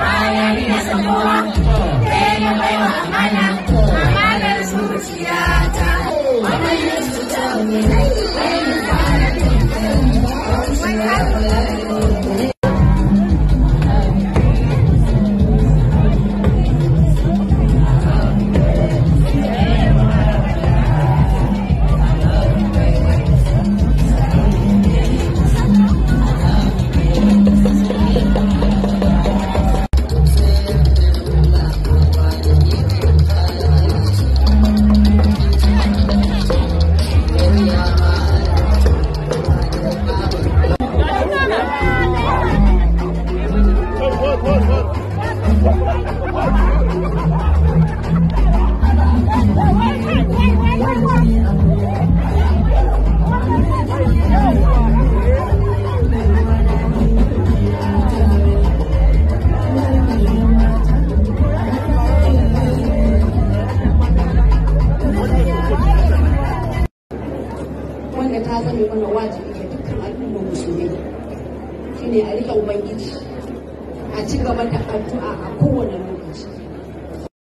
Bayarinya semua Pengen lewat mana 我得穿上运动袜子，穿运动鞋。今年要买一只。a ci gaba da addu'a a kowane lokaci